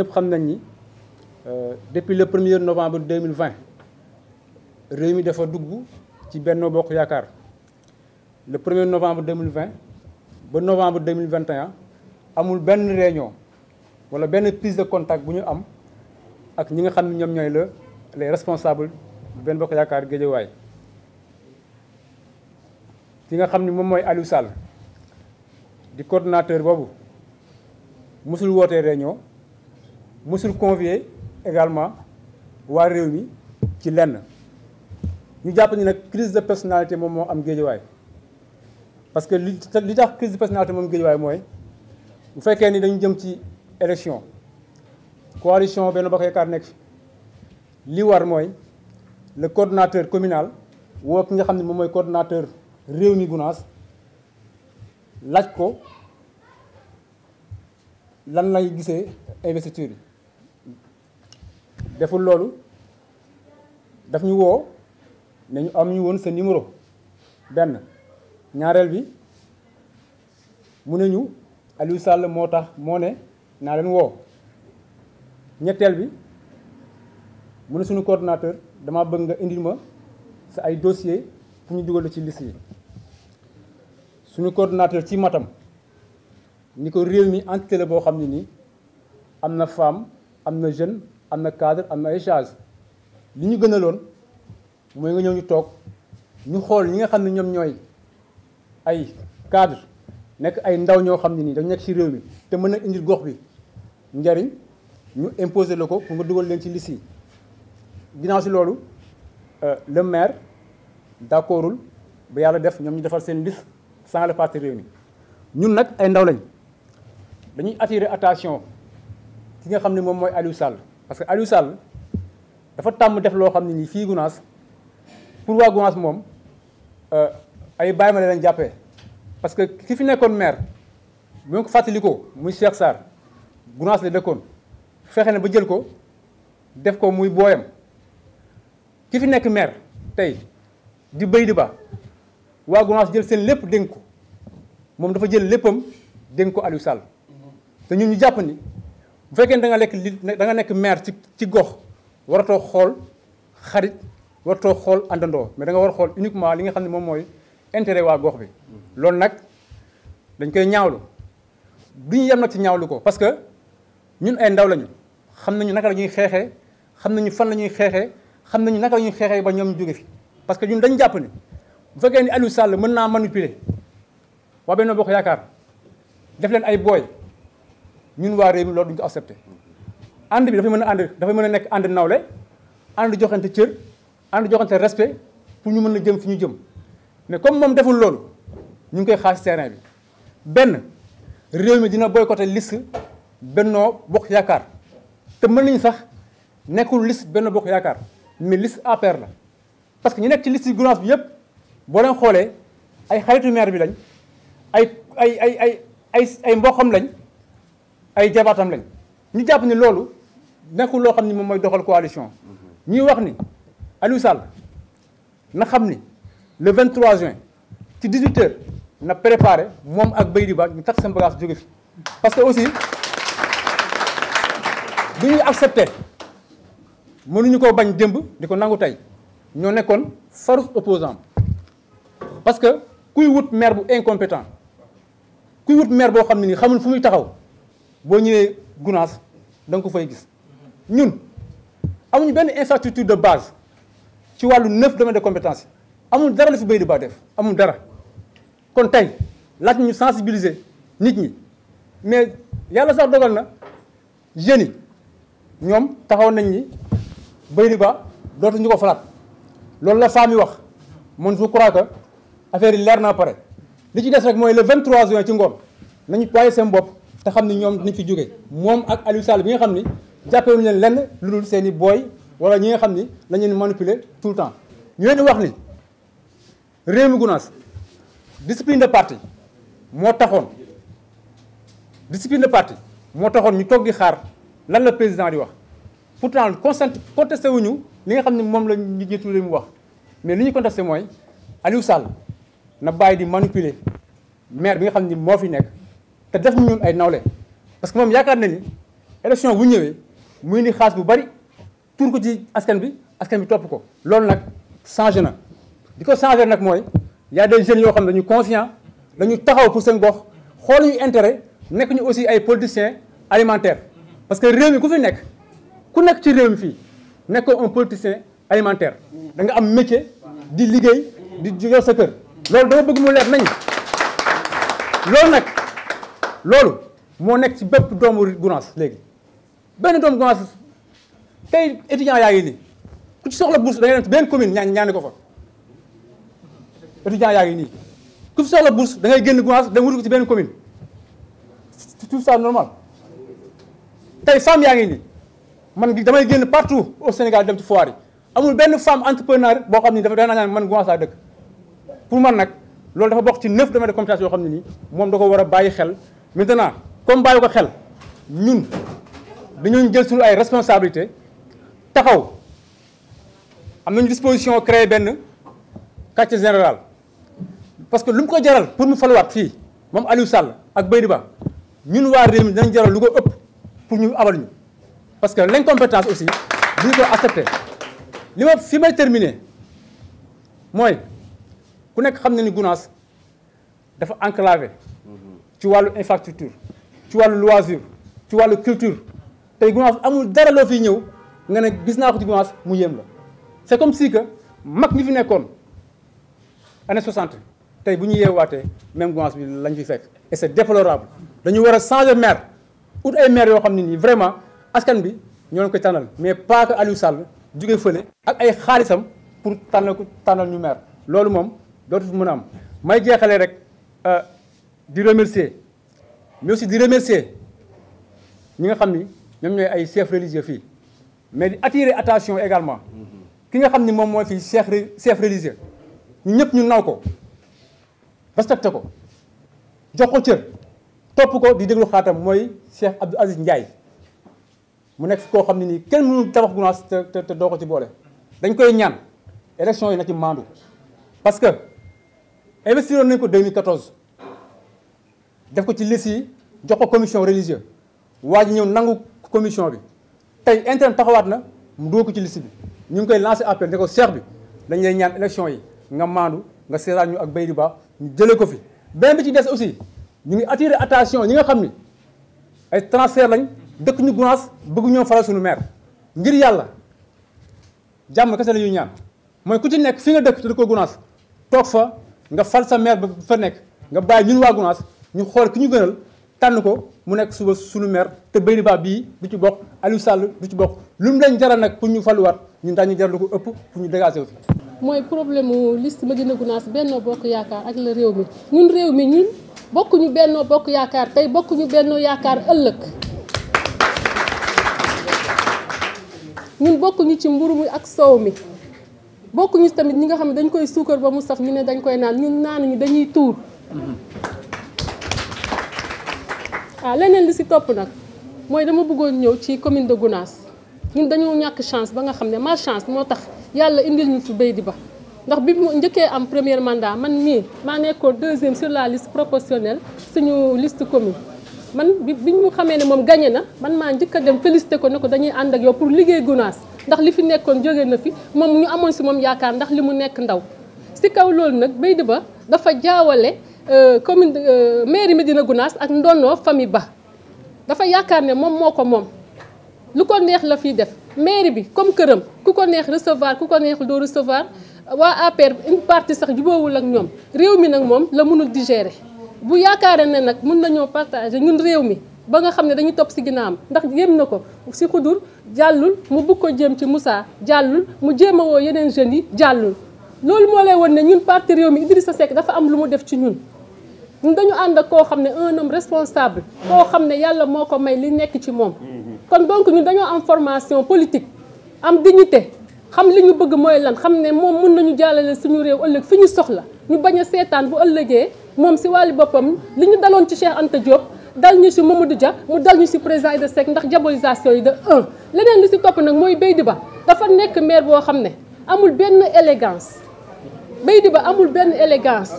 ñëpp xam nañ ni euh, depuis le premier novembre 2020 réew mi dafa dugg ci Benno Bokk Yaakaar le premier novembre 2020 ba novembre 2021 amul benn réunion wala benn prise de contact bu ñu am ak ñi nga xam ne ñoom ñooy la les responsables benn Bokk Yaakaar Guédiawaye ki nga xam ni moom mooy Aliou di coordonnateur boobu musul wootee réunion mësul convier également waa réew mi ci lenn ñu jàpp ni nag crise de personnalité moom moo am géejawaay parce que li li tax crise de personnalité moom géejawaay mooy bu fekkee ni dañu jëm ci élection coalition Benno Bokk Yaakaar nekk fi li war mooy le coordonnateur communal woo ki nga xam ne moom mooy coordonnateur réew mi Gounass laaj ko lan lay gisee investiture yi deful loolu daf ñu woo ne ñu am ñu woon sa numéro benn ñaareel bi mu ne ñu Aliou moo tax moo ne naa leen woo ñetteel bi mu ne suñu coordonnateur dama bëgg nga indil ma sa ay dossier fu ñu dugal ci liste yi suñu coordonnateur ci matam ni ko réew mi entité la boo xam ne nii am na femme am na jeune am na cadre am na ay charge li ñu gën a mooy nga ñëw ñu toog ñu xool ñi nga xam ne ñoom ñooy ay cadre nekk ay ndaw ñoo xam ne nii dañu nekk ci réew mi te mën na indil gox bi njariñ ñu imposer la ko pour nga dugal leen ci liste yi ginnaaw si loolu euh, le maire d'accordul ba yàlla def ñoom ñu defal seen liste sans le parti réew mi ñun nag ay ndaw lañ dañuy attirer attention ki nga xam ne moom mooy Aliou Sall parce que Aliou Sall dafa tàmm def loo xam ne nii fii Gunaas pour waa Gunaas moom euh, ay bàyyi ma ne leen jàppee parce que ki fi nekkoon maire bu ñu ko fàttalikoo muy Cheikh Sarr Gunaas la dëkkoon fexe na ba jël ko def ko muy booyam ki fi nekk maire tey di béy di ba waa Gunaas jël seen lépp dénk ko moom dafa jël léppam dénk ko Aliou Sall te ñun ñu jàpp ni. bu fekkee ne da nga nekk li nekk maire ci ci gox waratoo xool xarit waratoo xool àndandoo mais danga war a xool uniquement li nga xam ne moom mooy intérêt waa gox bi. loolu nag dañ koy ñaawlu du ñu yem nag ci ñaawlu ko parce que ñun ay ndaw lañu xam nañu naka la xeexee xam nañu fan la ñuy xeexee xam nañu naka la ñuy xeexee ba ñoom ñu jóge fi. parce que ñun dañ jàpp ni bu fekkee ni Aliou Sall mën naa manipuler waa Benno Bokk Yaakaar def leen ay booy. ñun waa réew mi loolu duñ ko accepté ànd bi dafay mën a ànd dafay mën a nekk ànd nawle ànd joxante cër ànd joxante respect pour ñu mën a jëm fi ñu jëm mais comme moom deful loolu ñu ngi koy xaar si bi benn réew mi dina boycotté liste Benno Bokk Yaakaar te mën nañu sax nekkul liste Benno Bokk Yaakaar mais liste APR la parce que ñu nekk ci liste gouvernance bi yëpp boo leen xoolee ay xaritu maire bi lañ ay ay ay ay ay ay mboxam lañ ay jabaatam lañ ñu jàpp ni loolu nekkul loo xam ni moom mooy doxal coalition ñuy wax ni Aliou Sall na xam ni le 23 juin ci 18 na préparé moom ak Baydi Ba ñu tax seen bagage jóge fi parce que aussi du ñuy accepté mënuñu koo bañ jëmb di ko nangu tey ñoo nekkoon farouche opposant parce que kuy wut maire bu incompétent kuy wut maire boo xam ne ni xamul fu muy taxaw boo ñëwee Gunaas da ko fay gis ñun am ñu benn infrastructure de base ci wàllu neuf domaines de compétence amul dara la fi béy di ba def amul dara kon tey laaj ñu sensibiliser nit ñi mais yàlla sax dogal na jeunes yi ñoom taxaw nañ ni béy di ba ñu ko falaat loolu la femme yi wax man je crois que affaire yi leer naa pare li ci des rek mooy le 23 juin ci ngoon nañu bàyyi seen bopp. te xam ni ñoom dinañ fi jógee moom ak Aliou Sall bi nga xam ni jàppewuñu leen lenn lu dul seen booy wala ñi nga xam ni dañu leen manipuler tout le temps ñu leen wax ni réew mi Gounass discipline de parti moo taxoon discipline de parti moo taxoon ñu toog di xaar lan la président di wax pourtant constat contesté wuñu li nga xam ne moom la ñu jiitu mu wax mais li ñu contesté mooy Aliou Sall na bàyyi di manipuler maire bi nga xam ni moo fi nekk te def ñu ñun ay nawle parce que moom yaakaar na ni élection bu ñëwee muy ni xaas bu bari tuur ko ci askan bi askan bi topp ko. loolu nag changé na di ko changé nag mooy y a des jeunes yoo xam ne dañu conscient dañu taxaw pour seen gox xool ñu intérêt nekk ñu aussi ay politiciens alimentaires parce que réew mi ku fi nekk ku nekk ci réew mi fii nekkoo un politicien alimentaire da nga am métier di liggéey di yor sa kër. loolu dama bëgg mu leer nañ loolu nag. loolu moo nekk ci bépp doomu Gounass léegi benn doomu Gounass tey étudiant yaa ngi nii ku ci soxla bourse da ngay dem benn commune ñaan ñaani ko fa étudiant yaa ngi nii ku ci soxla bourse da ngay génn Gounass dem wuti ci benn commune tout ça normal tey femme yaa ngi nii man damay génn partout au Sénégal dem ci foire yi amul benn femme entrepreneur boo xam ni dafa daan naan man Gounass laa dëkk pour man nag loolu dafa bokk ci neuf domaines de compétence yoo xam ne nii moom da ko war a bàyyi xel maintenant comme bàyyi ko xel ñun dañoo jël suñu ay responsabilité taxaw am nañu disposition créer benn quartier général parce que lu mu ko jaral pour mu faluwaat fii moom Aliou Sall ak Baydi Ba ñun waa réew mi dinañ jaral lu ko ëpp pour ñu abal ñu parce que l'incompétence aussi duñu ko accepté li ma fi may terminé mooy ku nekk xam na ni Gounass dafa enclavé ci wàllu infrastructure ci wàllu loisir ci wàllu culture tey Gunaas amul dara loo fiy ñëw nga ne gis naa ko ci mu yéem la c'est comme si que mag ñi fi nekkoon année 60 tey bu ñu yeewaatee même Gunaas bi lañ fi fekk et c'est déplorable dañu war a changer maire ut ay maire yoo xam ni nii vraiment askan bi ñoo leen koy tànnal mais pas que Aliou Sall jóge fële ak ay xaalisam pour tànnal ko tànnal ñu maire loolu moom dootu fi mën a am may jeexalee rek euh, di remercier mais aussi di remercier ñi nga xam ni ñoom ñooy ay chefs religieux fii mais di attirer attention également ki nga xam ni moom mooy fii chef chef religieux ñu ñëpp ñu naw ko respecté ko jox ko cër topp ko di déglu xaatam mooy Cheikh Abdou Aziz Ndiaye mu nekk koo xam ne nii kenn mënul tabax Gounass te te doo ko ci boole dañ koy ñaan élection yi na ci maandu parce que investir nañ ko 2014 def ko ci liste yi jox ko commission religieuse waa ji ñëw nangu commission bi tey interne taxawaat na mu dugg ko ci liste bi ñu ngi koy lancé appel ne ko seex bi dañ lay ñaan élection yi nga maandu nga seetaan ñu ak Bayrou Ba ñu jëlee ko fi. benn bi ci des aussi ñu ngi attiré attention yi nga xam ni ay transfert lañ dëkk ñu Gunaas bëgg ñoo faral suñu maire ngir yàlla jàmm kese la ñuy ñaan mooy ku ci nekk fi nga dëkk te dëkkoo Gunaas toog fa nga fal sa maire ba fa nekk nga bàyyi ñun waa Gunaas. ñu xool ki ñu gënal tànn ko mu nekk suba suñu maire te Béliba bii du ci bokk Aliou Sall du ci bokk lu mu leen jaral nag pour ñu faluwaat ñu daañu jaral lu ko ëpp pour ñu dégager fi mooy problème mu liste Médina Gounass Benno Bokk Yaakaar ak réew mi ñun réew mi ñun bokkuñu Benno Bokk Yaakaar tey bokkuñu Benno Yaakaar ëllëg bokkuñu ci mburu mi ak soow mi bokkuñu tamit ñi nga xam ne dañ koy suukar ba mu saf ñu ne dañ koy naan ñun naanuñu dañuy tuur waaw ah, leneen li si topp nag mooy dama bëggoon ñëw ci commune de Gounass ñun dañoo ñàkk chance ba nga xam ne ma chance moo tax yàlla indi ñu fi Beydi Ba ndax bi mu njëkkee am première mandat man mii maa nekkoon deuxième sur la suñu liste commune man bi bi ñu xamee ne moom gagné na man maa njëkk a dem félicité ko ne ko dañuy ànd ak yow pour liggéey Gounass ndax li fi nekkoon jógee na fi moom ñu amoon si moom yaakaar ndax li mu nekk ndaw si kaw loolu nag baydi Ba dafa jaawale Euh, commune euh, mairie Médina Gounass ak ndonnoo famille Ba dafa yaakaar ne moom moo ko moom lu ko neex la fiy def mairie bi comme këram ku ko neex recevoir ku ko neex doo recevoir waa APR une partie sax juboowul ak ñoom réew mi nag moom la mënul digérer bu yaakaare ne nag mun nañoo partager ñun réew mi ba nga xam ne dañuy topp si ginnaam ndax jéem na ko ci xudur jàllul mu bugg ko jëm ci Moussa jàllul mu jéem a woo yeneen jeunes yi jàllul loolu moo lay won ne ñun parti réew mi Idrissa Seck dafa am lu mu def ci ñun dañu ànd ak koo xam ne un homme responsable koo xam ne yàlla moo ko may li nekk ci moom kon donc ñu dañoo am formation politique am dignité xam li ñu bëgg mooy lan xam ne moom mun nañu jàllale suñu réew ëllëg fi ñu soxla ñu bañ a seetaan bu ëllëgee moom si wàllu boppam li ñu daloon ci Cheikh Anta Diop dal ñu si Mamadou Dia mu dal ñu si président Idrissa Seck ndax diabolisation yi de un leneen li si topp nag mooy Beydi Ba dafa nekk maire boo xam ne amul benn élégance Baïdy Ba amul benn élégance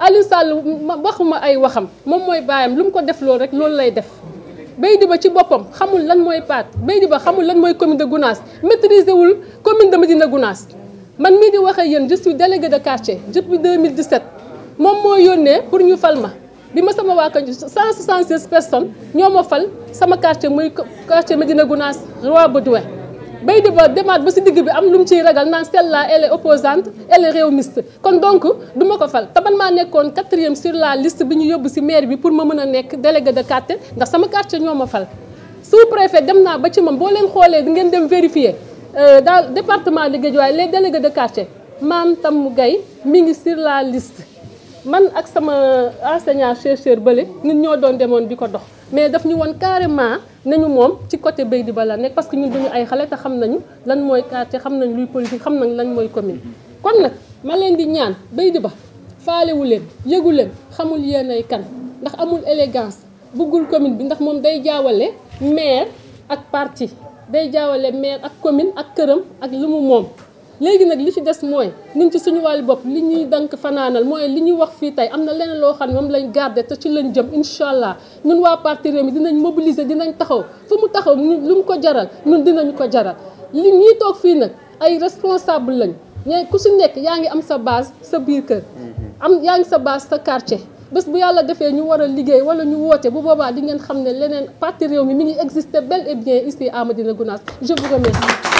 Aliou Sall waxuma ay waxam moom mooy baayam lu mu ko def loolu rek loolu lay def Baïdy Ba ci boppam xamul lan mooy paat Baïdy Ba xamul lan mooy commune de Gounass maîtriser wul commune de Médina Gounass man mii di wax ak yéen je suis délégué de quartier depuis 2017 moom moo yónnee pour ñu fal ma bi ma sama waa koñ 176 personnes ñoo ma fal sama quartier muy quartier Médina Gounass Roi Baudouin bay di ba demaat ba si digg bi am lu mu ciy ragal naan celle-là elle est opposante elle est réewmiste kon donc du ma ko fal te man maa nekkoon quatrième sur la list bi ñu yóbbu si maire bi pour ma mën a nekk délégué de quartier ndax sama quartier ñoo ma fal sous préfet dem naa ba ci man boo leen xoolee di ngeen dem vérifier euh, dans département de Guédiawaye les délégués de quartier Mame mu Gaye mi ngi sur la liste man ak sama enseignant chercheur bële ñun ñoo doon demoon bi ko dox mais daf ñu woon carrément nañu moom ci côté béy di bala nekk parce que ñun duñu ay xale te xam nañu lan mooy quartier xam nañ luy politique xam nañ lan mooy commune. kon nag ma leen di ñaan béy di ba faalewu leen yëgu leen xamul yéen ay kan ndax amul élégance bëggul commune bi ndax moom day jaawale maire ak parti day jaawale maire ak commune ak këram ak lu mu moom. léegi nag li fi des mooy ñun ci suñu wàllu bopp li ñuy dank fanaanal mooy li ñuy wax fii tey am na leneen loo xam ne moom lañ garder te ci lañ jëm incha allah ñun waa parti Rewmi dinañ mobiliser dinañ taxaw fu mu taxaw lu mu ko jaral ñun ko jaral li ñuy toog fii nag ay responsable lañ ñee ku si nekk yaa ngi am sa baas sa biir kër mm-hmm. am yaa ngi sa baas sa quartier bés bu yàlla defee ñu war a liggéey wala ñu woote bu boobaa di ngeen xam ne leneen parti Rewmi mi ngi exister bel et bien ici à Médina Gounass je vous remercie